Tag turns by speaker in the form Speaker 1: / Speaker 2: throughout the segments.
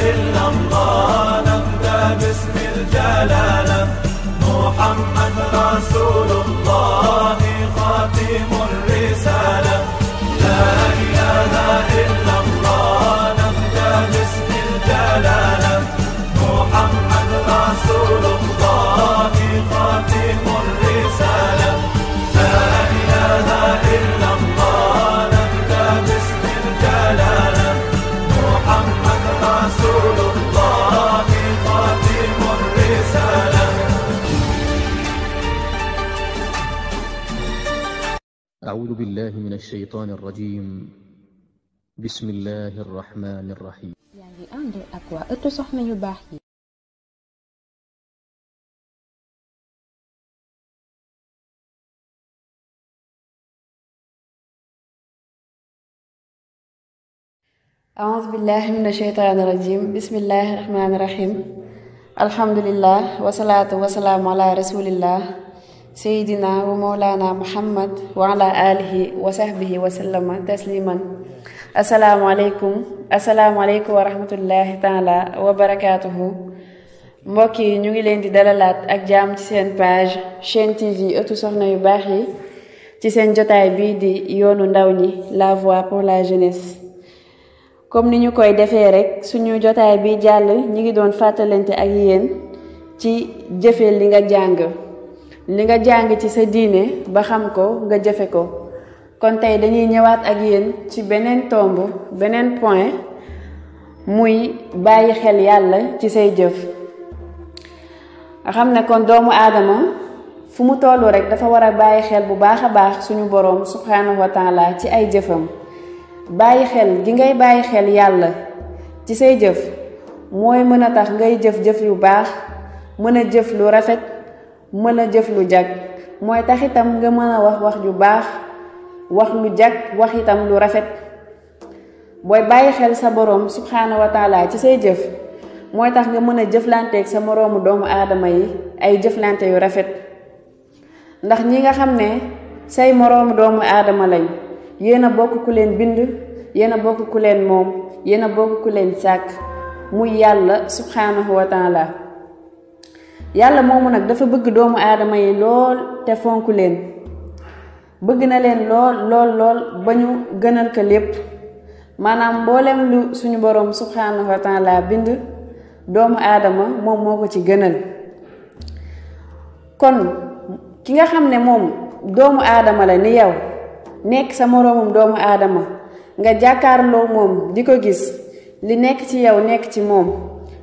Speaker 1: el الشيطان الرجيم بسم الله الرحمن الرحيم يعني ngi أقوى ak waa يباحي أعوذ بالله من الشيطان الرجيم بسم الله الرحمن الرحيم الحمد لله والصلاة والسلام على رسول الله seydina wa mawlana muhammad wa ala alihi wa sahbihi wa sallama tasliman asalaamaaleykum asalaamaaleykum wa rahmatullahi taala wa barakaatuhu mbokk yi ñu ngi leen di dalalaat ak jaam ci seen page chaîne tv ëttu soxna yu baax yi ci seen jotaay bii di yoonu ndaw ñi la voix pour la jeunesse comme ni ñu koy defee rekk suñu jotaay bi jàll ñi ngi doon fàttalante ak yéen ci jëfe li nga jàng li nga jàng ci sa diine ba xam ko nga jëfe ko kon tey dañuy ñëwaat ak yéen ci beneen tomb beneen point muy bàyyi xel yàlla ci say jëf xam ne kon doomu aadama fu mu tollu rek dafa war a bàyyi xel bu baax a baax suñu boroom subhanahu ci ay jëfam bàyyi xel gi ngay bàyyi xel yàlla ci say jëf mooy mën a tax ngay jëf jëf yu baax mën a jëf lu rafet mën a jëf lu jag mooy tax itam nga mën a wax wax ju baax wax lu jag wax itam lu rafet booy bàyyi xel sa boroom subxaana wa ci say jëf mooy tax nga mën a jëflanteeg sa moroomu doomu aadama yi ay jëflante yu rafet ndax ñi nga xam ne say moroomu doomu aadama lañ yéen a bokk leen bind yéen a leen moom yéen a leen sàkk muy yàlla subxaanahu wa taala yàlla moomu nag dafa bëgg doomu aadama yi lool te fonk leen bëgg na leen lool lool lool ba ñu gënal ko lépp maanaam mboolem lu suñu boroom subhaanahu wa bind doomu aadama moom moo ko ci gënal kon ki nga xam ne moom doomu aadama la ni yow nekk sa moroomum doomu aadama nga jàkkaarloo moom di ko gis li nekk ci yow nekk ci moom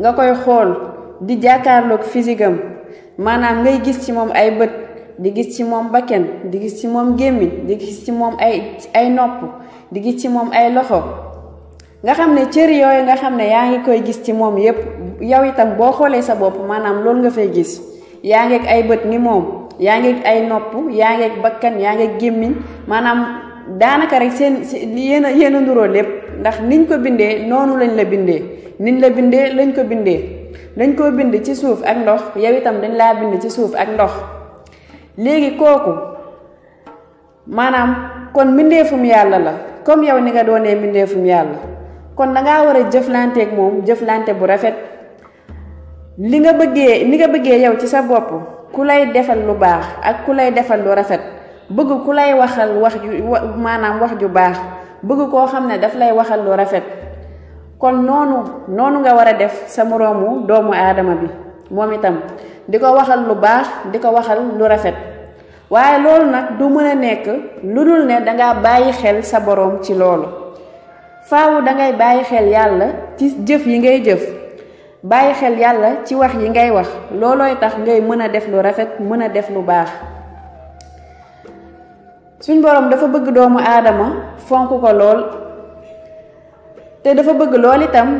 Speaker 1: nga koy xool di jàkkaarloog physique maanaam ngay gis ci moom ay bët di gis ci moom bakken di gis ci moom gémmiñ di gis ci moom ay ay nopp di gis ci moom ay loxo nga xam ne cër yooyu nga xam ne yaa ngi koy gis ci moom yépp yow itam boo xoolee sa bopp maanaam loolu nga fay gis yaa ngi ay bët ni moom yaa ngi ay nopp yaa ngi ak bakkan yaa ngi gémmiñ maanaam daanaka rek seen yéen a yéen a nduroo lépp ndax niñ ko bindee noonu lañ la bindee niñ la bindee lañ ko bindee dañ koo bind ci suuf ak ndox yow itam dañ laa bind ci suuf ak ndox léegi kooku maanaam kon mbindeefum yàlla la comme yow ni nga doonee mbindeefum yàlla kon dangaa war a jëflanteeg moom jëflante bu rafet li nga bëggee ni nga bëggee yow ci sa bopp ku lay defal lu baax ak ku lay defal lu rafet bëgg ku lay waxal wax ju maanaam wax ju baax bëgg koo xam ne daf lay waxal lu rafet kon noonu noonu nga war a def sa moroomu doomu aadama bi moom itam di ko waxal lu baax di ko waxal lu rafet waaye loolu nag du mën a nekk lu dul ne danga bàyyi xel sa boroom ci loolu faawu dangay bàyyi xel yàlla ci jëf yi ngay jëf bàyyi xel yàlla ci wax yi ngay wax loolooy tax ngay mën a def lu rafet mën a def lu baax suñ boroom dafa bëgg doomu aadama fonk ko lool te dafa bëgg lool itam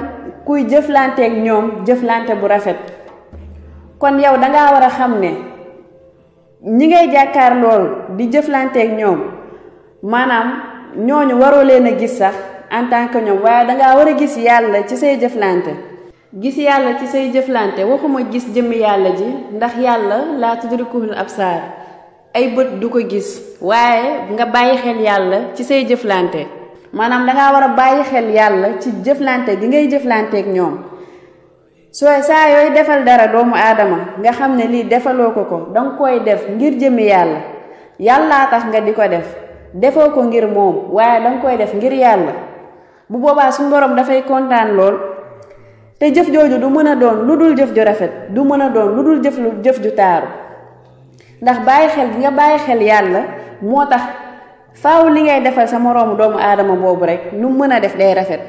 Speaker 1: kuy jëflanteeg ñoom jëflante bu rafet kon yow da war a xam ne ñi ngay jàkkaar lool di jëflanteeg ñoom maanaam ñooñu waroo leen a gis sax en tant que ñoom waaye da war a gis yàlla ci say jëflante. gis yàlla ci say jëflante waxuma gis jëmm yàlla ji ndax yàlla laa tudrikuhul absaar ay bët du ko gis waaye nga bàyyi xel yàlla ci say jëflante. maanaam danga war a bàyyi xel yàlla ci jëflante gi ngay jëflanteeg ñoom soo saa yooy defal dara doomu aadama nga xam ne lii defaloo ko ko danga koy def ngir jëmi yàlla yàllaa tax nga di ko def defoo ko ngir moom waaye danga koy def ngir yàlla bu boobaa suñu borom dafay kontaan lool te jëf jooju du mën a doon lu dul jëf ju rafet du mën a doon lu dul jëf jëf ju taaru ndax bàyyi xel gi nga bàyyi xel yàlla moo tax faaw li ngay defal sama moroomu doomu aadama boobu rek nu mën def day rafet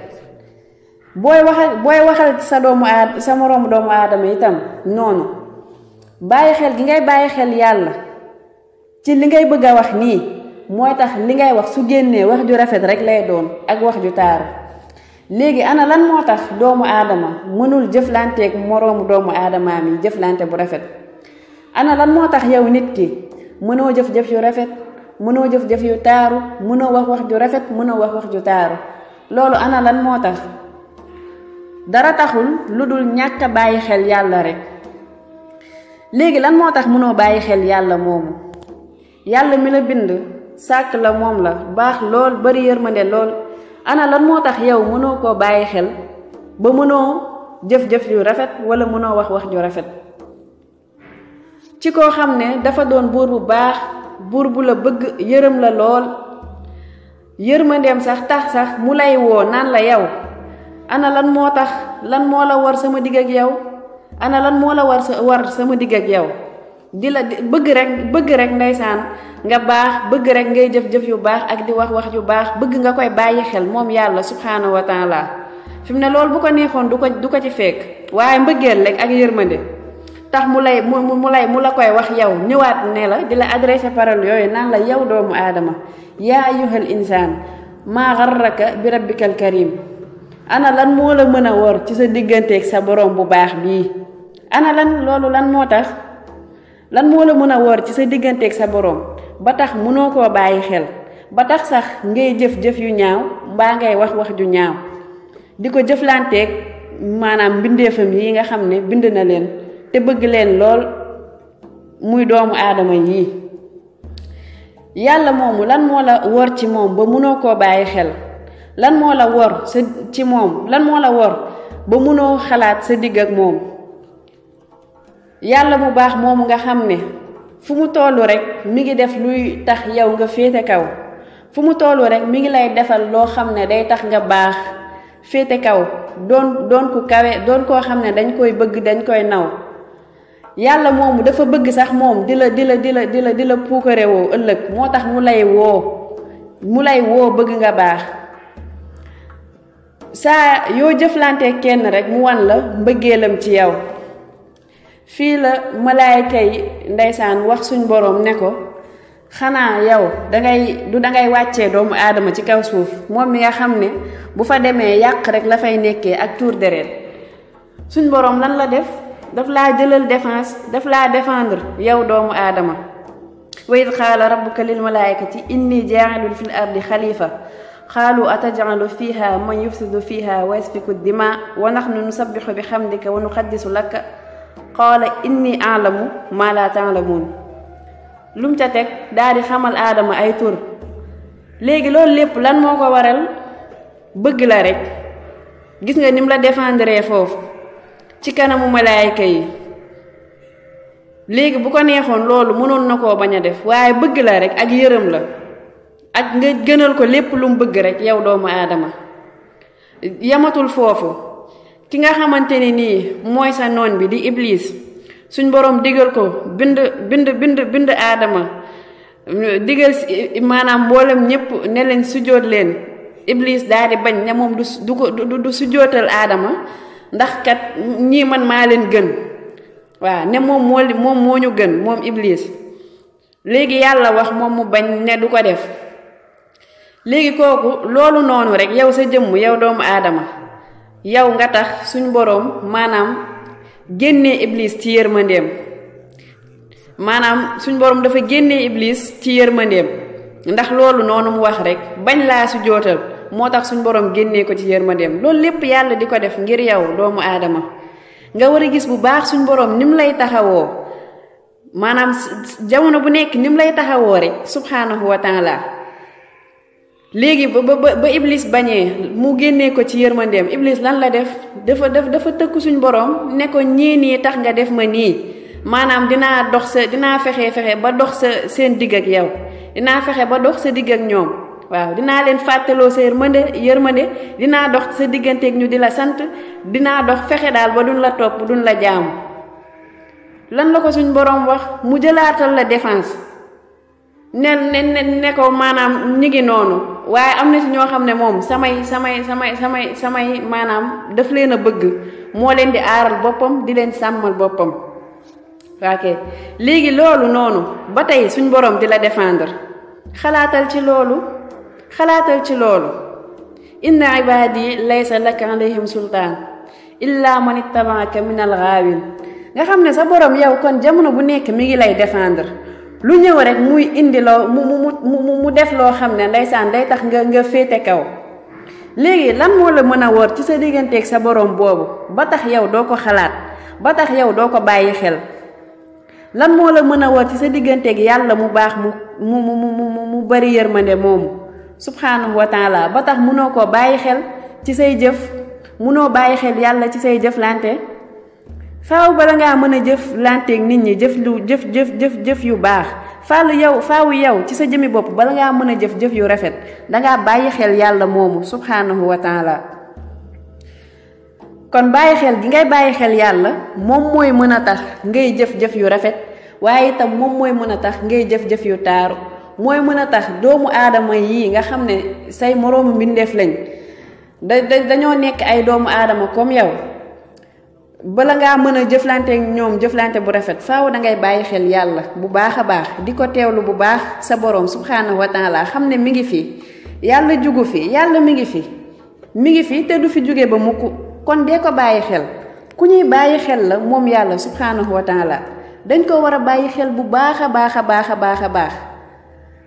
Speaker 1: booy waxal booy waxal sa doomu aad sa moroomu doomu aadama itam noonu bàyyi xel gi ngay bàyyi xel yàlla ci li ngay bëgg a wax nii mooy tax li ngay wax su génnee wax ju rafet rek lay doon ak wax ju taaru léegi ana lan moo tax doomu aadama mënul jëflanteeg moroomu doomu aadama mi jëflante bu rafet ana lan moo tax yow nit ki mënoo jëf jëf yu rafet mënoo jëf-jëf yu taaru mënoo wax wax ju rafet mënoo wax wax ju taaru loolu ana lan moo tax dara taxul lu dul ñàkk bàyyi xel yàlla rek léegi lan moo tax mënoo bàyyi xel yàlla moomu yàlla mi la bind sàkk la moom la baax lool bari yërmande lool ana lan moo tax yow mënoo koo bàyyi xel ba mënoo jëf-jëf yu rafet wala mënoo wax wax ju rafet ci koo xam ne dafa doon buur bu baax bur bu la bëgg yërëm la lool yërmandeem sax tax sax mu lay woo naan la yow ana lan moo tax lan moo la war sama digg ak yow ana lan moo la war sa war sama digg ak yow di la bëgg rek bëgg rek ndaysaan nga baax bëgg rek ngay jëf jëf yu baax ak di wax wax yu baax bëgg nga koy bàyyi xel moom yàlla subhanahu wa taala fi mu ne loolu bu ko neexoon du ko du ko ci fekk waaye mbëggeel rek ak yërmande tax mu lay mu mu lay mu la koy wax yow ñëwaat ne la di la adressé parole yooyu naan la yow doomu aadama yaa ayuhal insaan maa xarraka bi rabbikal karim ana lan moo la mën a wor ci sa digganteeg sa borom bu baax bii ana lan loolu lan moo tax lan moo la mën a wor ci sa digganteeg sa borom ba tax mënoo koo bàyyi xel ba tax sax ngay jëf jëf yu ñaaw mbaa ngay wax wax ju ñaaw di ko jëflanteeg maanaam mbindeefam yi nga xam ne bind na leen te bëgg leen lool muy doomu aadama yii yàlla moomu lan moo la wor ci moom ba munoo koo bàyyi xel lan moo la wor sa ci moom lan moo la wor ba munoo xalaat sa digg ak moom yàlla mu baax moomu nga xam ne fu mu tollu rekk mi ngi def luy tax yow nga féete kaw fu mu tollu rekk mi ngi lay defal loo xam ne day tax nga baax féete kaw doon doon ku kawe doon koo xam ne dañ koy bëgg dañ koy naw yàlla moomu dafa bëgg sax moom di la di la di la di la di la woo ëllëg moo tax mu lay woo mu lay woo bëgg nga baax saa yoo jëflante kenn rek mu wan la mbëggeelam ci yow fii la malaayka yi ndeysaan wax suñ boroom ne ko xanaa yow dangay du dangay wàcce doomu aadama ci kaw suuf moom mi nga xam ne bu fa demee yàq rek la fay nekkee ak tuur deret suñ boroom lan la def daf laa jëlal défense daf laa défendre yow doomu aadama wa id qala rabbuka lil malaa'ikati inni ja'ilun fil قالوا أتجعل فيها من يفسد فيها ويسفك الدماء ونحن نسبح بحمدك ونقدس لك قال إني أعلم ما لا تعلمون لم تتك داري خمال آدم أي تور لغي لول لب لن موكو ورل بغل رك جسنا نملا ديفان دري فوف ci kanamu malaayika yi léegi bu ko neexoon loolu mënoon na koo bañ a def waaye bëgg la rek ak yërëm la ak nga gënal ko lépp lum bëgg rek yow doomu aadama yamatul foofu ki nga xamante ne nii mooy sa noon bi di iblis suñ boroom digal ko bind bind bind bind aadama digal maanaam mboolem ñépp ne leen sujjóot leen iblis daal di bañ ne moom du du sujjóotal aadama ndax kat ñii man maa leen gën waaw ne moom moo moom moo ñu gën moom Iblis léegi yàlla wax moom mu bañ ne du ko def léegi kooku loolu noonu rek yow sa jëmm yow doomu aadama yow nga tax suñu boroom maanaam génnee ibliis ci yërmandeem maanaam suñu boroom dafa génne Iblis ci yërmandeem ndax loolu noonu mu wax rek bañ laa su jootal motax suñ borom génnee ko ci yërmandeem loolu lépp yàlla di ko def ngir yaw doomu adama nga wara gis bu baax suñ borom nim lay taxawoo manam jamono bu nek nim lay taxawoo rek subhanahu wa taala léegi ba ba ba iblis bañé mu génnee ko ci mandem iblis lan la def dafa dafa dafa tekk suñ borom ne ko ñii tax nga def ma ni manam dina dox sa dinaa fexé fexe ba dox sa seen digg ak yaw dina fexé ba dox sa digg ak ñom waaw dinaa leen fàttaloo sa yërmande yërmande dinaa dox sa diggante digganteeg ñu di la sant dinaa dox fexe daal ba duñ la topp duñ la jaamu lan la ko suñ boroom wax mu jëlaatal la défense ne ne ne ko maanaam ñi ngi noonu waaye am na ci ñoo xam ne moom samay samay samay samay samay maanaam daf leen a bëgg moo leen di aaral boppam di leen sàmmal boppam ok léegi loolu noonu ba tey suñ boroom di la défendre xalaatal ci loolu xalaatal ci loolu inna ibaadi laysa laka alayhim sultaan illa man ittabaaka min alxaawin nga xam ne sa boroom yow kon jamono bu nekk mi ngi lay défendre lu ñëw rek muy indi loo mu mu mu mu def loo xam ne ndeysaan day tax nga nga féete kaw léegi lan moo la mën a wor ci sa digganteeg sa boroom boobu ba tax yow doo ko xalaat ba tax yow doo ko bàyyi xel lan moo la mën a wor ci sa digganteeg yàlla mu baax mu mu mu mu mu bari yërmande moomu subhanahu wa taala ba tax munoo ko bàyyi xel ci say jëf munoo bàyyi xel yàlla ci say jëf lante faaw bala ngaa mën a jëf lanteeg nit ñi jëf lu jëf jëf jëf jëf yu baax faalu yow faaw yow ci sa jëmi bopp bala ngaa mën a jëf jëf yu rafet dangaa bàyyi xel yàlla moomu subhanahu wa taala kon bàyyi xel gi ngay bàyyi xel yàlla moom mooy mën a tax ngay jëf jëf yu rafet waaye itam moom mooy mën a tax ngay jëf jëf yu taaru mooy mën a tax doomu aadama yii nga xam ne say moroomu mbindeef lañ da da dañoo nekk ay doomu aadama comme yow bala ngaa mën a jëflante ak ñoom jëflante bu rafet faaw da ngay bàyyi xel yàlla bu baax a baax di ko teewlu bu baax sa boroom subhaanahu wa taala xam ne mi ngi fi yàlla jugu fi yàlla mi ngi fi mi ngi fi te du fi jóge ba mu mukk kon dee ko bàyyi xel ku ñuy bàyyi xel la moom yàlla subhaanahu wa taala dañ ko war a bàyyi xel bu baax a baax a baax a baax a baax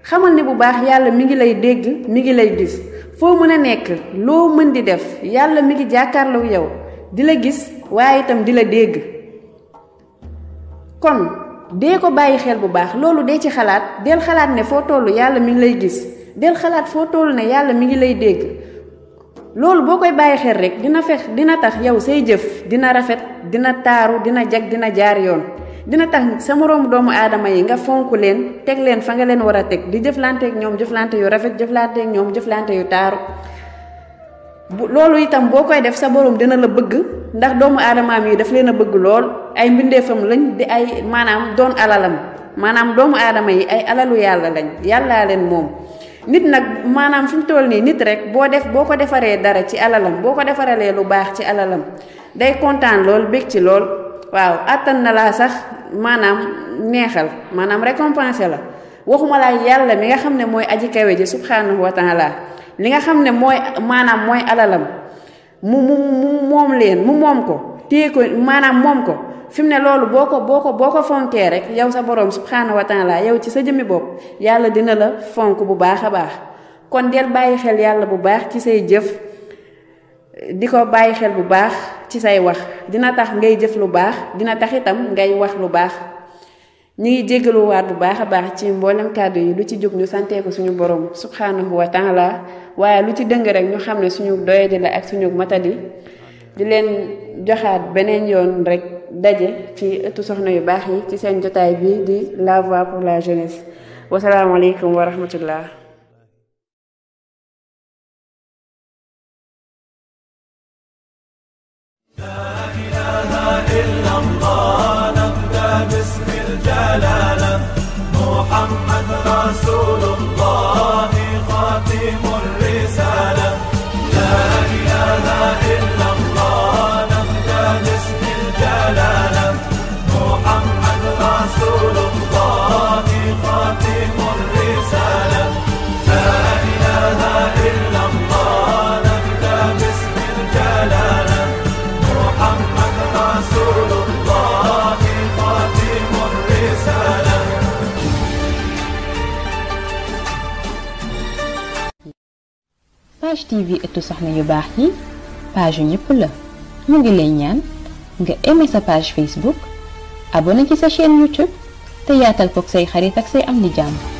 Speaker 1: xamal ni bu baax yàlla mi ngi lay dégg mi ngi lay gis foo mën a nekk loo mën di def yàlla mi ngi jàkkaarloo yow di la gis waaye itam di la dégg kon dee ko bàyyi xel bu baax loolu dee ci xalaat del xalaat ne foo tollu yàlla mi ngi lay gis del xalaat foo toll ne yàlla mi ngi lay dégg loolu boo koy bàyyi xel rek dina fex dina tax yow say jëf dina rafet dina taaru dina jag dina jaar yoon dina tax sa moroom doomu aadama yi nga fonk leen teg leen fa nga leen war a teg di jëflanteek ñoom jëflante yu rafet jëflanteek ñoom jëflante yu taaru bu loolu itam boo koy def sa boroom dina la bëgg ndax doomu aadamaam yi daf leen a bëgg lool ay mbindeefam lañ di ay maanaam doon alalam maanaam doomu aadama yi ay alalu yàlla lañ yàllaa leen moom nit nag maanaam fi mu toll nii nit rek boo def boo ko defaree dara ci alalam boo ko defaralee lu baax ci alalam day kontaan ci lool waaw attan na laa sax maanaam neexal maanaam récompense la waxuma laa yàlla mi nga xam ne mooy aji kawe ji subhanahu wa taala li nga xam ne mooy maanaam mooy alalam mu mu mu moom leen mu moom ko téye ko maanaam moom ko fi mu ne loolu boo ko boo ko boo ko fonkee rek yow sa borom subhanahu wa taala yow ci sa jëmi bopp yàlla dina la fonk bu baax a baax kon del bàyyi xel yàlla bu baax ci say jëf di ko bàyyi xel bu baax ci say wax dina tax ngay jëf lu baax dina tax itam ngay wax lu baax ñi ngi waat bu baax a baax ci mboolem kàddu yi lu ci jóg ñu santé ko suñu borom subhanahu wa taala waaye lu ci dëng rek ñu xam ne suñu di la ak suñu matadi di leen joxaat beneen yoon rek daje ci ëttu soxna yu baax yi ci seen jotaay bi di la voix pour la jeunesse wasalaamaaleykum wa rahmatullah إلا الله TV sax na yu baax yi page yu ñëpp la mu ngi lay ñaan nga aimé sa page Facebook abonné ci sa chaîne YouTube te yaatal koog say xarit ak say am di jàmm.